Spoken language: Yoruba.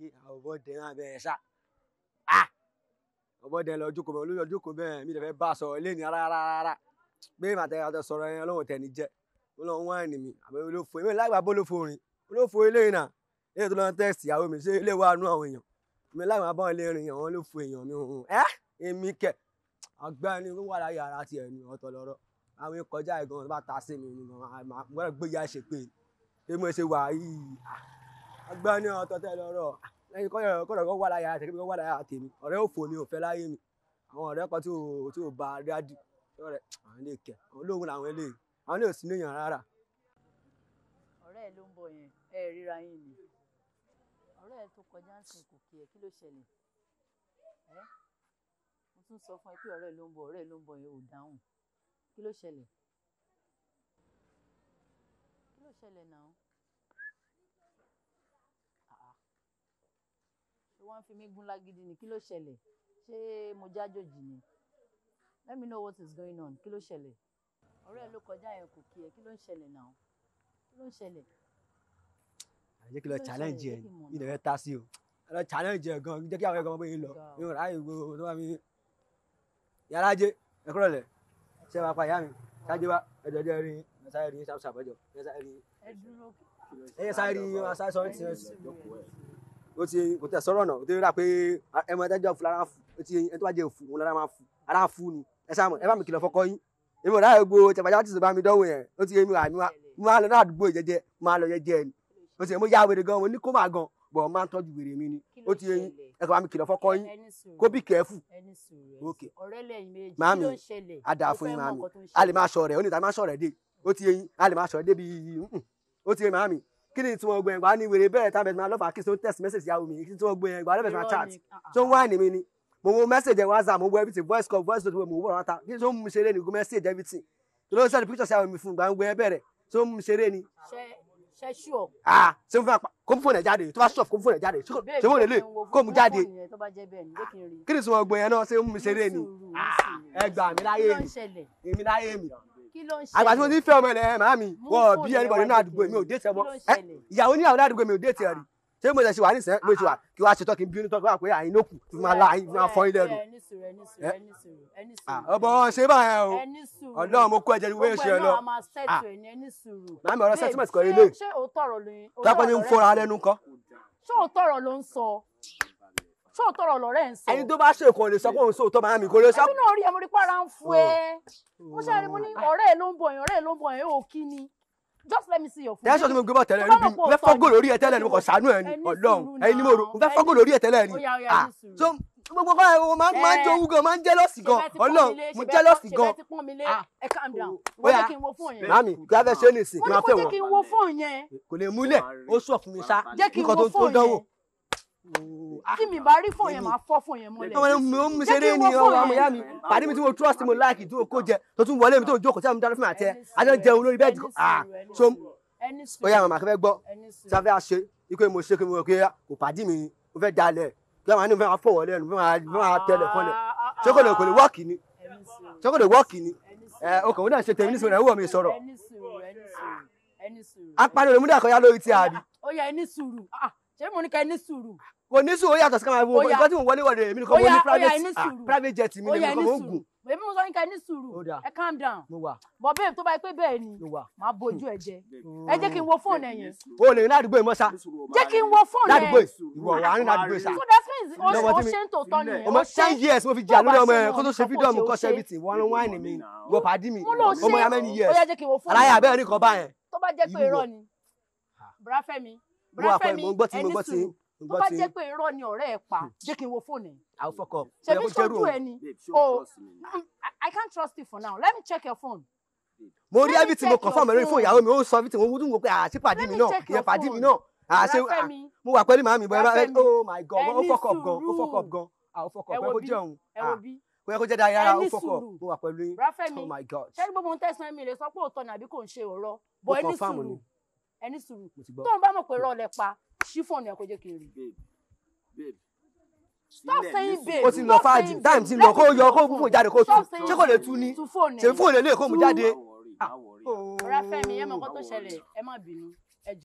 yé ọ̀bọ̀dẹ náà bẹ́ẹ̀ ṣá ọ̀bọ̀dẹ lọ jókòó bẹ́ẹ̀ olóyún ọjọ́ kò bẹ́ẹ̀ mi lè fẹ́ bá a sọ̀rọ̀ lẹ́ni rárá pé màtẹ́yàtọ̀ sọ̀rọ̀ yẹn lọ́wọ́ tẹ̀ ní jẹ́ olóhùn wá ẹni mi àbẹ olófo èmi lágbàbọ olófo rìn olófo eléyìí náà eléyìí tó lọ tẹ́ẹ̀sì ìyàwó mi ṣé ilé wa nú àwọn èèyàn èmi lágbàbọ ilé rìn àwọn olófo èèyàn mi hùn ẹ èmi kẹ ọ̀gbẹ́ni ó wà láyé ara tiẹ̀ ní ọ̀tọ̀ lọ́rọ̀ àwọn kọjá ìgan bá ta sí mi nìkan gbọ́dọ̀ gbéyà ṣe pé èmi ṣe wà yìí gbọ́ ní ọ̀tọ̀ tẹ́ lọ́rọ̀ lẹ́yìn kọ́dọ̀ kọ́ wà láyà àti kébí kọ́ wà láyà tèmi ọ̀rẹ́ òfò mi ò fẹ́ láyé mi àwọn ọ̀rẹ́ kan tí ò bá dádì ọ̀rẹ́ àwọn ilé kẹ àwọn olóògùn làwọn ilé àwọn ilé ò sí níyàn rárá. ọ̀rẹ́ ẹ ló ń bọ̀ yẹn ẹ ríra yín ni ọ̀rẹ́ ẹ tó kọjá ń sìn kò kí ẹ kí ló ṣẹlẹ̀ ẹ mo tún sọ fún ẹ pé ọ̀rẹ́ ẹ ló ń bọ̀ ọ̀rẹ́ ló ń bọ̀ yẹn ò dáhùn kí ló ṣẹlẹ̀ kí ló ṣẹlẹ̀ náà. wọ́n fi mí gún lágídí ni kí ló ṣẹlẹ̀ ṣé mo jájòjì ni let me know what is going on kí ló ṣẹlẹ̀ ọ̀rẹ́ ẹ ló kọjá yẹn kò kí ẹ kí ló ń ṣẹlẹ̀ náà kí ló ń ṣẹlẹ̀. àjẹ́ kí lọ challenge ẹ̀ ilẹ̀ rẹ̀ ta sí o lọ challenge ẹ̀ gan jẹ́ kí àwọn ẹ̀gbọ́n ọmọ yìí lọ oh yóò ráyè gbogbo tó wà mí. yàrá jẹ ẹ kúrò lẹ ṣe wàá pa ìyá mi ṣáájú wa ẹjọ jẹ rí ẹ rí ṣàbùṣàbọjọ ẹ sáré rí ẹ sáré rí ẹ sáré sọ ẹ ti rẹ sí ó ti kò tẹ̀ sọ̀rọ̀ náà ó ti rà pé ẹmọ ẹdájọ́ fún lára fún ó ti ẹni tó bá jẹ́ òfu òun lára máa fún ara fún ni ẹ sáà mọ̀ ẹ bá mi kìlọ̀ fọkọ yín èmi ò ráyè gbo tẹ̀fàjà tí sọ̀bá mi dánwò yẹn ó ti èmi wà mí wá lọ ládùúgbò jẹjẹ máa lọ jẹjẹ ni ó ti èmi yá wèrè gan mo ní kó máa gan bọ̀ ọ máa ń tọ́jú wèrè mi ni ó ti ẹyin ẹ kò bá mi kìlọ̀ fọ́kọ́ yín kó bí kẹ́ẹ̀fù òkè màmí àdàfún a lè máa sọ̀rọ̀ ẹ̀ ó ní ìta máa sọ̀rọ̀ ẹ̀ dé ó ti ẹyin a lè máa kí ni tí wọ́n gbọ́ ẹ̀gbá ní wèrè bẹ́ẹ̀ tábẹ̀ máa lọ́fà kí n tó text message yàwó mi kí n tó gbọ́ ẹ̀gbá lọ́fẹ̀ máa chat tó ń wá ní mi ni mo wo message ẹ̀ whatsapp mo wo everything voice call voice note mo wo ọ̀rọ̀ ta kí n tó mú ṣeré ni go message everything tó ló ń send pictures yàwó mi fún gbàngbọ́ ẹ bẹ̀rẹ̀ tó mú ṣeré ni. ṣe ṣù ọ. ah ṣé mo fẹ́ kó mú fóònù ẹ̀ jáde tó bá ṣọ̀f kó mú fóònù ẹ̀ jáde ṣé mo lè lè kó mú jáde kí ni tí wọ́n gbọ́ yẹn náà ṣé mo ṣeré ni ah, ẹ gbà láyé mi èmi láyé mi àgbà tí mo ti fẹ́ ọmọ ilẹ̀ màá mi wọ bí ẹnìbọ̀ nínú àdúgbò mi ò dé tẹ mọ́ ìyàwó níyàwó ládùúgbò mi ò dé tẹ rí ṣé mo ṣẹ̀ṣẹ̀ wà ní sẹ́n mo ti wà kí wàá ṣe tọ́kì bínú tọ́kì wà pé àyín ló tí máa la àyín máa fọ́ ilé ọbọ ṣe báyẹn o Ọlọ́run mo kó ẹ̀jẹ̀ ní wéyìn ṣe ẹ lọ màá mi ọ̀rọ̀ sẹ́tímẹ̀tì ilé tọ́pẹ́ ni ń fọ́ra lẹ́nu kọ́. ṣé òótọ́ ọ̀rọ̀ ló ń sọ sọ tọrọ lọrẹ ń sọ. ẹni tó bá ṣe kò sọ pé òun sóòótọ́ máa mi kò lè sọ. ẹbí náà rí ẹ rí para ń fún ẹ oh. mo ṣe àrí mo ní ọ̀rẹ́ ló ń bọ̀ yẹn ọ̀rẹ́ ló ń bọ̀ yẹn ó kí ni just let me see your phone. tẹ́sán tí mo gbé bọ̀ tẹ́lẹ̀ ní bí fẹ́ fọ́gò lórí ẹ tẹ́lẹ̀ ní kò sànú ẹ ní ọlọ́run ẹyin ni mo rò fẹ́ fọ́gò ẹ tẹ́lẹ̀ ní. Ah, so gbogbo kọ́ o máa ń jẹ owó gan máa ń jẹ́lọ́sì gan ọlọ́run mo jẹ́lọ́sì gan. mami ah. oh, oh, kí a fẹ́ ṣe é nìsín máa fẹ́ wọ̀ kò lè múlẹ̀ ó sọ̀ fún mi sá nǹkan tó dánwò. Ah, tí mi bá rí fóun yẹn máa fọ́ fóun yẹn mọ́lẹ̀. ọmọ mi ṣe eré ni ọmọ àmọ́ yá mi pàdé mi tí mo trust mo like tí o kó jẹ tó tún wọlé mi tó jókòó tí a mi dáná fún mi àtẹ àjọ jẹun lórí bẹ́ẹ̀ jù ah, so ó yà màmá kẹfẹ gbọ́ sáfẹ́ àṣe ikú mo ṣe kí mo kí kò pàdé mi mo fẹ́ dalẹ̀ kí wọ́n á ní mo fẹ́ máa fọwọ́ lẹ́nu mo fẹ́ máa tẹlẹ̀ fọ́lẹ̀ ṣókòlè kò lè wọ́ọ̀kì ni ṣókòlè wọ́ọ̀kì ni ọkàn òun náà ṣe tèmi nísìnyí rẹ̀ wọ̀ mi sọ̀rọ̀ apá ni olùmúdàkọ̀ yá lórí ti àbí. ó yẹ ẹni sùúrù ṣé mo ní ká ní sùúrù. kò ní sùúrù ó yàtọ̀ sí ká máa wo nǹkan tí mo wọlé wọlé èmi nìkan mo ní private ah, private jet mi nìkan mo ń gùn. èmi mo sọ ní ká ní sùúrù ẹ calm down bọ̀ bẹ́ẹ̀ tó bá yẹ pé bẹ́ẹ̀ ni màá bójú ẹ jẹ ẹ jẹ́ kí n wo fóònù ẹ yẹn. o lè ní ládùúgbò yìí mọ́sá. jẹ́ kí n wo fóònù ẹ ládùúgbò ìwọ wà á ní ládùúgbò sá. so that means o ṣe ń tòótọ́ ni ẹ. ọmọ ten years mo fi jà lórí ọmọ ẹ kó tó ṣe fídíọ̀mù kọ́ sẹ́fìtì wọn wáìnì mi wọ pàdí mi ọmọ ya mẹ́ni yẹ aláya bẹ́ẹ̀ ní kọ́ bá yẹn. tó bá jẹ́ pé irọ́ ni ah. bùrá fẹ́ mi bùrọ̀ àpẹ mi ẹni sùn tó bá jẹ́ pé irọ́ ni ọ̀rẹ́ ẹ̀ pa hmm. jẹ́ kí n wo fóònù ẹ̀. àwọn fọkọ bẹ́ẹ̀ ó jẹ́rú o oh I can't trust you for now let me check your phone. mo rí everything mo confirm lórí fóònù ìyàwó mi ó sọ everything mo wúdú wo pé àṣé ah, pàdé mi náà ìyẹn pàdé mi náà àṣé ah, ah, mo wà pẹ̀lú màmí bọ́ ẹ oh my god ó fọkọ gan ó fọkọ gan àwọn fọkọ pé kó jẹun bóyá kó jẹ́ dáa ó fọkọ mo wà pẹ̀lú oh my god. ṣé gbogbo ohun tẹ̀sán mi rè sọ pé òótọ́ ni àbí kò ń ṣe ọ̀rọ̀ bọ̀ ẹni sùúrù ẹni sùúrù tó ń bá mọ̀ pé rọ́ọ̀lẹ́ pa ṣífọ̀nù ẹ̀ kó jẹ́ kí n rí. stop saying babe o ti lọ fàájì dáìmù ti lọ kó yọ kó mú jáde kó tu ṣé kò lè tu ni ṣe fóònù ẹ̀ lè kó mú jáde. ọ̀rẹ́ fẹ́mi ẹ mọ kó tó ṣẹlẹ̀ ẹ má bínú